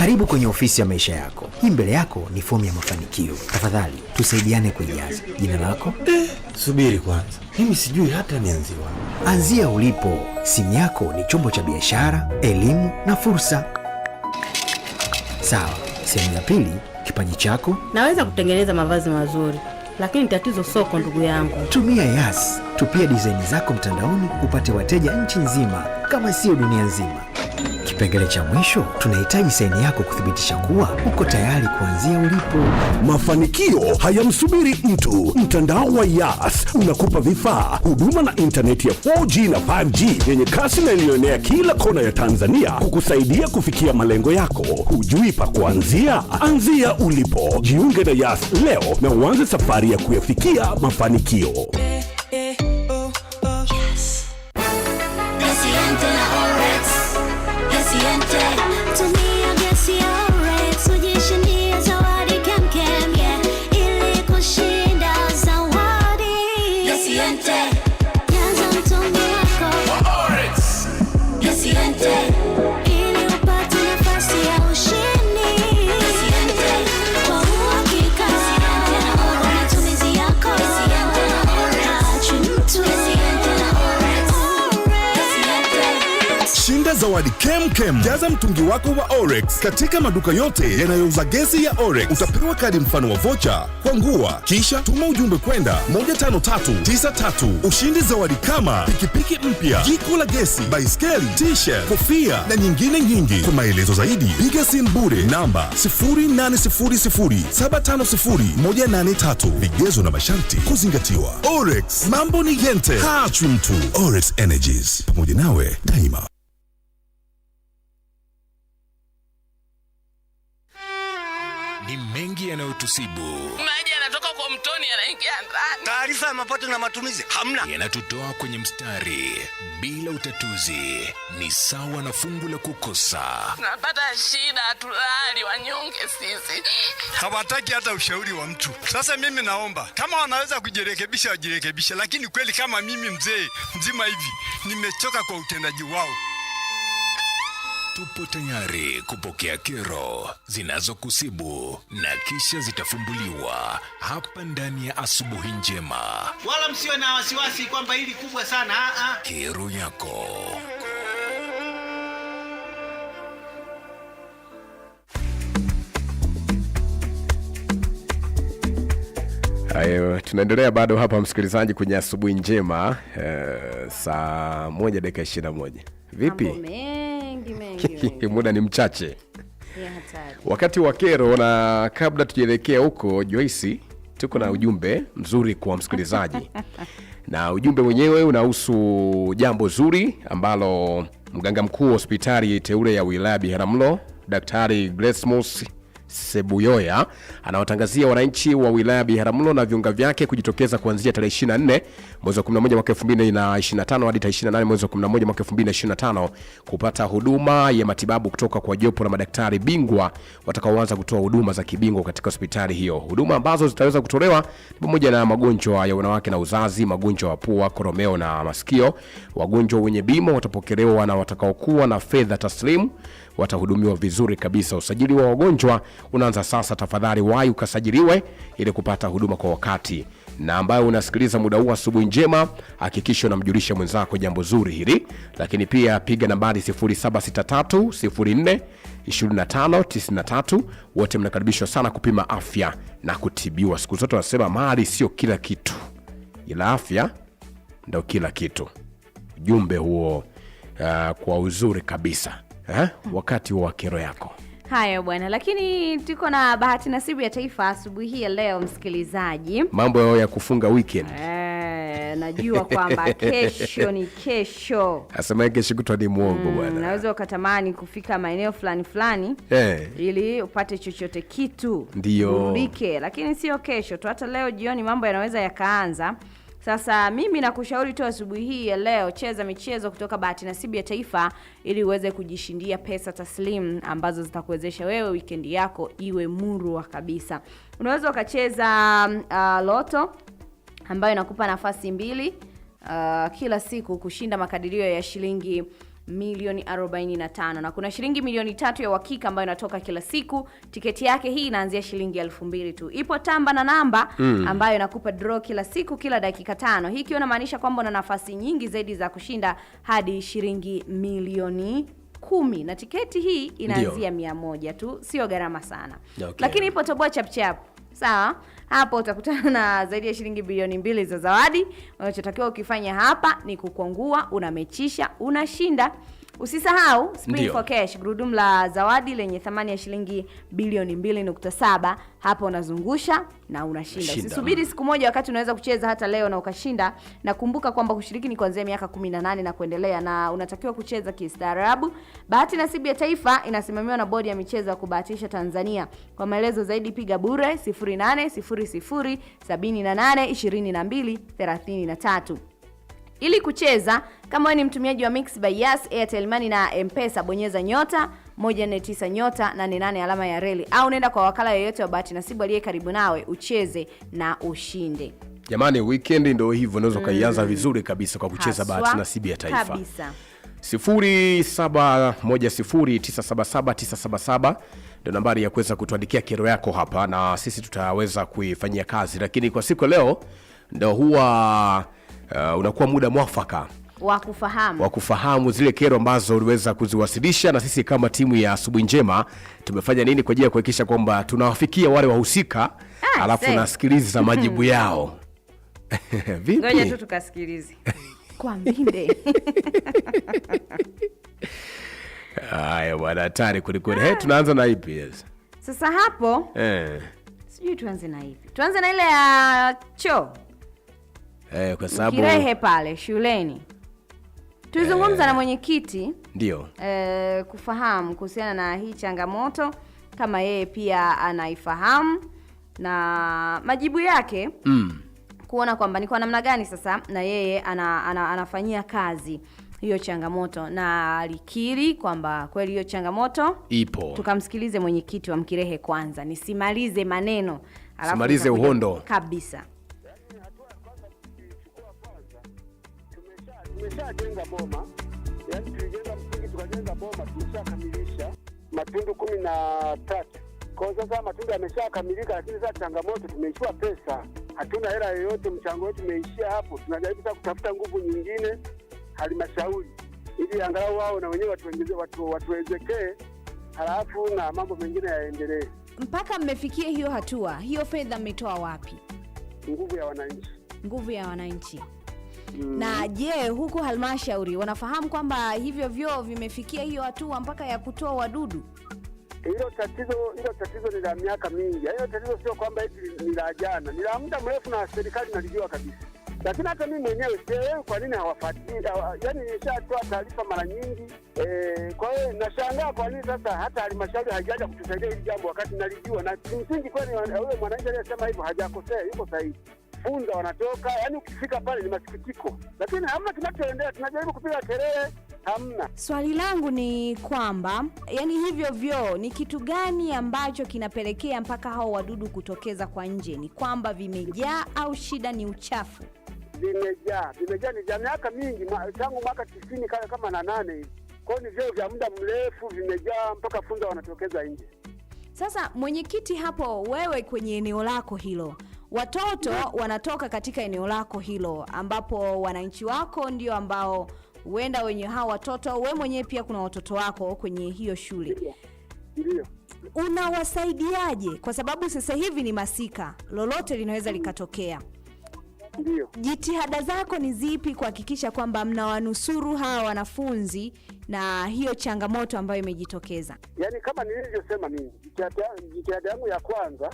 Karibu kwenye ofisi ya maisha yako. Hii mbele yako ni fomu ya mafanikio. Tafadhali tusaidiane kuijaza. Jina lako? Eh, subiri kwanza, mimi sijui hata nianzie wapi. Anzia ulipo. Simu yako ni chombo cha biashara, elimu na fursa. Sawa, sehemu ya pili, kipaji chako. Naweza kutengeneza mavazi mazuri lakini tatizo soko, ndugu yangu. Tumia Yas, tupia dizaini zako mtandaoni upate wateja nchi nzima, kama sio dunia nzima. Kipengele cha mwisho, tunahitaji saini yako kuthibitisha kuwa uko tayari kuanzia ulipo. Mafanikio hayamsubiri mtu. Mtandao wa Yas unakupa vifaa, huduma na intaneti ya 4G na 5G yenye kasi na iliyoenea kila kona ya Tanzania kukusaidia kufikia malengo yako. Hujui pa kuanzia? Anzia ulipo. Jiunge na Yas leo na uanze safari ya kuyafikia mafanikio. hadi kemkem. Jaza mtungi wako wa Orex katika maduka yote yanayouza gesi ya Orex, utapewa kadi mfano wa vocha kwa ngua, kisha tuma ujumbe kwenda 15393 ushindi zawadi kama pikipiki mpya, jiko la gesi, baiskeli, t-shirt, kofia na nyingine nyingi. Kwa maelezo zaidi piga simu bure namba 0800750183. Vigezo na masharti kuzingatiwa. Orex, mambo ni yente, haachwi mtu. Orex Energies, pamoja nawe daima. yanayotusibu maji yanatoka kwa mtoni yanaingia ndani, taarifa ya mapato na matumizi hamna, yanatutoa kwenye mstari bila utatuzi. Ni sawa na fungu la kukosa. Tunapata shida, tulali wanyonge sisi, hawataki hata ushauri wa mtu. Sasa mimi naomba kama wanaweza kujirekebisha wajirekebishe, lakini kweli kama mimi mzee mzima hivi nimechoka kwa utendaji wao. Tupo tayari kupokea kero zinazokusibu na kisha zitafumbuliwa hapa ndani ya Asubuhi Njema. Wala msiwe na wasiwasi kwamba hili kubwa sana. Ah, ah. Kero yako tunaendelea bado hapa msikilizaji, kwenye asubuhi njema. Eh, saa moja dakika ishirini na moja. Vipi? muda ni mchache wakati wa kero. Na kabla tujaelekea huko, Joyce, tuko na mm. ujumbe mzuri kwa msikilizaji na ujumbe mwenyewe unahusu jambo zuri ambalo mganga mkuu wa hospitali teule ya wilaya Biharamulo Daktari Gresmus Sebuyoya anawatangazia wananchi wa wilaya ya Biharamulo na viunga vyake kujitokeza kuanzia tarehe 24 mwezi wa 11 mwaka 2025 hadi tarehe 28 mwezi wa 11 mwaka 2025 kupata huduma ya matibabu kutoka kwa jopo la madaktari bingwa watakaoanza kutoa huduma za kibingwa katika hospitali hiyo. Huduma ambazo zitaweza kutolewa ni pamoja na magonjwa ya wanawake na uzazi, magonjwa ya pua, koromeo na masikio. Wagonjwa wenye bima watapokelewa na watakaokuwa na fedha taslimu watahudumiwa vizuri kabisa. Usajili wa wagonjwa unaanza sasa. Tafadhali wahi ukasajiliwe ili kupata huduma kwa wakati. Na ambayo unasikiliza muda huu, asubuhi njema, hakikisha unamjulisha mwenzako jambo zuri hili, lakini pia piga nambari 0763042593. Wote mnakaribishwa sana kupima afya na kutibiwa. Siku zote wanasema mali sio kila kitu, ila afya ndo kila kitu. Ujumbe huo uh, kwa uzuri kabisa eh? Wakati wa kero yako Haya bwana, lakini tuko na bahati nasibu ya taifa asubuhi hii ya leo, msikilizaji. Mambo yao ya kufunga weekend. Eh, najua kwamba kesho ni kesho, asema kesho kutwa ni mwongo mm, bwana. Mm, naweza ukatamani kufika maeneo fulani fulani eh, ili upate chochote kitu ndio urudike, lakini sio kesho tu, hata leo jioni mambo yanaweza yakaanza sasa mimi nakushauri tu asubuhi hii ya leo, cheza michezo kutoka bahati nasibu ya taifa ili uweze kujishindia pesa taslimu ambazo zitakuwezesha wewe wikendi yako iwe murwa kabisa. Unaweza ukacheza uh, loto ambayo inakupa nafasi mbili uh, kila siku kushinda makadirio ya shilingi milioni 45 na kuna shilingi milioni tatu ya uhakika ambayo inatoka kila siku. Tiketi yake hii inaanzia shilingi elfu mbili tu. Ipo tamba na namba mm, ambayo inakupa draw kila siku kila dakika tano. Hii ikiwa inamaanisha kwamba una nafasi nyingi zaidi za kushinda hadi shilingi milioni kumi na tiketi hii inaanzia mia moja tu, sio gharama sana okay. Lakini ipo toboa chapchap sawa. Hapo utakutana na zaidi ya shilingi bilioni mbili za zawadi. Unachotakiwa ukifanya hapa ni kukwangua, unamechisha, unashinda. Usisahau Spring for Cash, gurudumu la zawadi lenye thamani ya shilingi bilioni 2.7. Hapa unazungusha na unashinda. Usisubiri siku moja, wakati unaweza kucheza hata leo na ukashinda. Na kumbuka kwamba kushiriki ni kuanzia miaka 18 na kuendelea, na unatakiwa kucheza kistaarabu. Bahati nasibu ya taifa inasimamiwa na bodi ya michezo ya kubahatisha Tanzania. Kwa maelezo zaidi piga bure 0800 78 22 33. Ili kucheza kama ni mtumiaji wa Mix by Yas, Airtel Money na M-Pesa, bonyeza nyota 149 nyota 88 alama ya reli au nenda kwa wakala yoyote wa bahati nasibu aliye karibu nawe, ucheze na ushinde. Jamani, weekend ndio hivyo, unaweza mm. ukaianza mm, vizuri kabisa kwa kucheza bahati nasibu ya taifa kabisa. 0710977977 ndio nambari ya kuweza kutuandikia kero yako hapa na sisi tutaweza kuifanyia kazi, lakini kwa siku leo ndo huwa uh, unakuwa muda mwafaka wa kufahamu zile kero ambazo uliweza kuziwasilisha, na sisi kama timu ya Asubuhi Njema tumefanya nini kwa ajili ya kuhakikisha kwamba tunawafikia wale wahusika, ah, alafu nasikiliza majibu hmm. yao. Vipi? Ngoja tu tukasikilize kwa mbinde. Haya bwana, hatari kwelikweli. Hey, ah. tunaanza na ipi sasa hapo? Eh, sijui tuanze na ipi? Tuanze na ile ya choo eh, kwa sababu Kirehe pale shuleni tulizungumza eh, na mwenyekiti ndio eh, kufahamu kuhusiana na hii changamoto kama yeye pia anaifahamu na majibu yake mm, kuona kwamba ni kwa namna gani sasa na yeye ana, ana, anafanyia kazi hiyo changamoto na alikiri kwamba kweli hiyo changamoto ipo. Tukamsikilize mwenyekiti wa Mkirehe kwanza, nisimalize maneno alafu simalize uhondo kabisa. tunajenga boma, yani tulijenga msingi tukajenga boma, tumeshakamilisha matundu kumi na tatu. Kwa sasa matundu yameshakamilika, lakini sasa changamoto, tumeishiwa pesa, hatuna hela yoyote, mchango wetu umeishia hapo. Tunajaribu sasa kutafuta nguvu nyingine halmashauri, ili angalau wao na wenyewe watuwezekee watu, watu, halafu na mambo mengine yaendelee. Mpaka mmefikia hiyo hatua, hiyo fedha mmetoa wapi? Nguvu ya wananchi, nguvu ya wananchi. Mm. Na je, huku halmashauri wanafahamu kwamba hivyo vyoo vimefikia hiyo hatua mpaka ya kutoa wadudu? Hilo tatizo hilo tatizo ni la miaka mingi. Hilo tatizo sio kwamba hivi ni la jana, ni la muda mrefu, na serikali nalijua kabisa. Lakini hata mimi mwenyewe sielewi kwa nini hawafuatilii. Yaani nishatoa taarifa mara nyingi e, kwa hiyo nashangaa kwa nini sasa hata halmashauri haijaja kutusaidia hili jambo, wakati nalijua, na kimsingi kweli huyo mwananchi aliyesema hivyo hajakosea, yuko sahihi wanafunza wanatoka, yaani ukifika pale ni masikitiko, lakini hamna kinachoendelea. Tunajaribu kupiga kelele hamna. Swali langu ni kwamba yani, hivyo vyoo ni kitu gani ambacho kinapelekea mpaka hao wadudu kutokeza kwa nje? Ni kwamba vimejaa au shida ni uchafu? Vimejaa, vimejaa ni vya miaka mingi, tangu mwaka tisini kale kama na nane hivi. Kwa hiyo ni vyoo vya muda mrefu, vimejaa mpaka funza wanatokeza nje. Sasa mwenyekiti, hapo wewe kwenye eneo lako hilo watoto wanatoka katika eneo lako hilo, ambapo wananchi wako ndio ambao huenda wenye hao watoto au wewe mwenyewe pia kuna watoto wako kwenye hiyo shule, unawasaidiaje? Kwa sababu sasa hivi ni masika, lolote linaweza likatokea. Ndiyo. Jitihada zako ni zipi kuhakikisha kwamba mnawanusuru hawa wanafunzi na hiyo changamoto ambayo imejitokeza? Yaani, kama nilivyosema mimi, jitihada yangu ya kwanza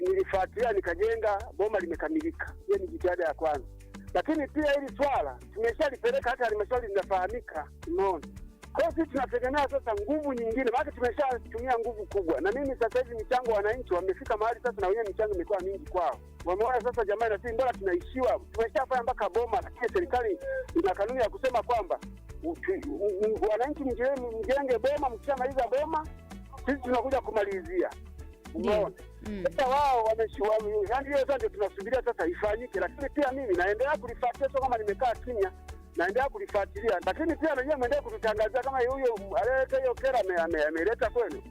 nilifuatilia nikajenga boma limekamilika. Hiyo ni jitihada ya kwanza, lakini pia hili swala tumeshalipeleka hata halmashauri linafahamika, umeona. Kwa hiyo sisi tunategemea sasa nguvu nyingine, maana tumeshatumia nguvu kubwa, na mimi sasa hivi michango wananchi wamefika mahali sasa, na wenyewe michango imekuwa mingi kwao, wameona sasa, jamani, na sisi mbona tunaishiwa, tumeshafanya mpaka boma, lakini serikali ina kanuni ya kusema kwamba wananchi mjenge boma, mkishamaliza boma sisi tunakuja kumalizia umeona. Mm. Sasa wao hiyo wameshauri, tunasubiria sasa ifanyike, lakini pia mimi naendelea kulifuatilia, sio kama nimekaa kimya naendelea kulifuatilia lakini pia najua mwendelee kututangazia kama huyo aliyeleta hiyo kera ameleta kwenu,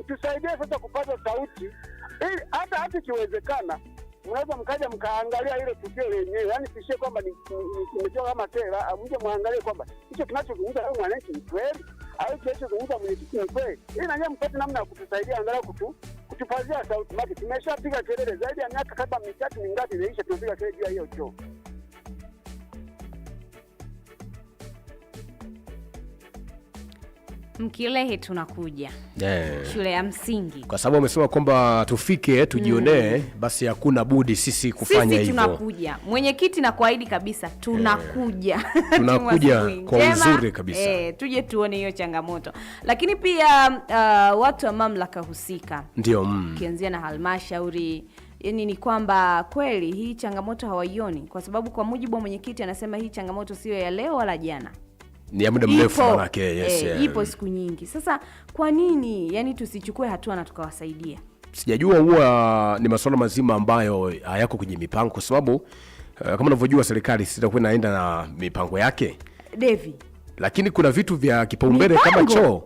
mtusaidie sasa kupata sauti, ili hata hata ikiwezekana mnaweza mkaja mkaangalia ile tukio lenyewe, yaani tishie kwamba nimetoa kama kera, mje mwangalie kwamba hicho kinachozungumza wewe mwananchi ni kweli au kinachozungumza mwenyekiti ni kweli, ili najua mpate namna ya kutusaidia angalau kutu Tukipazia sauti, tumeshapiga kelele zaidi ya miaka kama mitatu mingapi imeisha, tumepiga kelele juu ya hiyo choo. Mkilehe tunakuja yeah. Shule ya msingi kwa sababu amesema kwamba tufike tujionee mm. Basi hakuna budi sisi kufanya hivyo. Sisi tunakuja mwenyekiti, na kuahidi kabisa tunakuja yeah. tunakuja kwa uzuri kabisa eh, tuje tuone hiyo changamoto, lakini pia uh, watu wa mamlaka husika ndio mm. ukianzia mm. na halmashauri yani ni kwamba kweli hii changamoto hawaioni, kwa sababu kwa mujibu wa mwenyekiti anasema hii changamoto sio ya leo wala jana ni ya muda mrefu manake, yes, e, yeah. Ipo siku nyingi sasa. Kwa nini yani tusichukue hatua na tukawasaidia? Sijajua, huwa ni masuala mazima ambayo hayako kwenye mipango, kwa sababu uh, kama unavyojua serikali sitakuwa inaenda na mipango yake Devi, lakini kuna vitu vya kipaumbele kama choo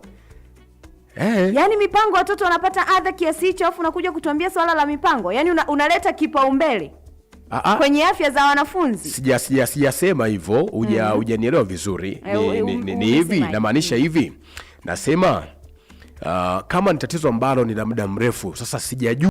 Hey. Eh. Yaani mipango watoto wanapata adha kiasi hicho, afu unakuja kutuambia swala la mipango, yaani una, kipaumbele Aa, ah, ah. kwenye afya za wanafunzi sija sija hivyo, uja hujanielewa mm-hmm. mm. vizuri e, ni, ni, ni hivi namaanisha mm. hivi nasema uh, kama ni tatizo ambalo ni la muda mrefu sasa sijajua